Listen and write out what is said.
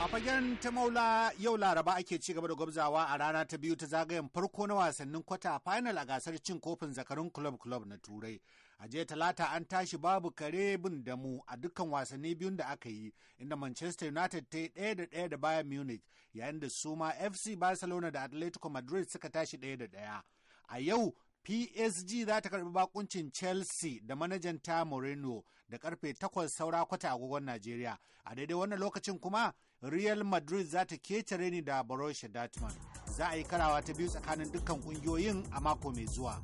A fagen ta maula yau laraba ake ci gaba da gwabzawa a rana ta biyu ta zagayen farko na wasannin kwata final a gasar cin kofin zakarun club club na turai. A jiya talata an tashi babu kare bin mu a dukkan wasanni biyun da aka yi inda Manchester United ta yi ɗaya da ɗaya da Bayern Munich yayin da su ma FC Barcelona da Atletico Madrid suka tashi ɗaya da ɗaya. A yau PSG za ta karbi bakuncin Chelsea da manajanta Mourinho da karfe takwas saura kwata agogon Najeriya. A daidai wannan lokacin kuma Real Madrid za ta kece ni da Borussia Dortmund. Za a yi karawa ta biyu tsakanin dukkan kungiyoyin a mako mai zuwa.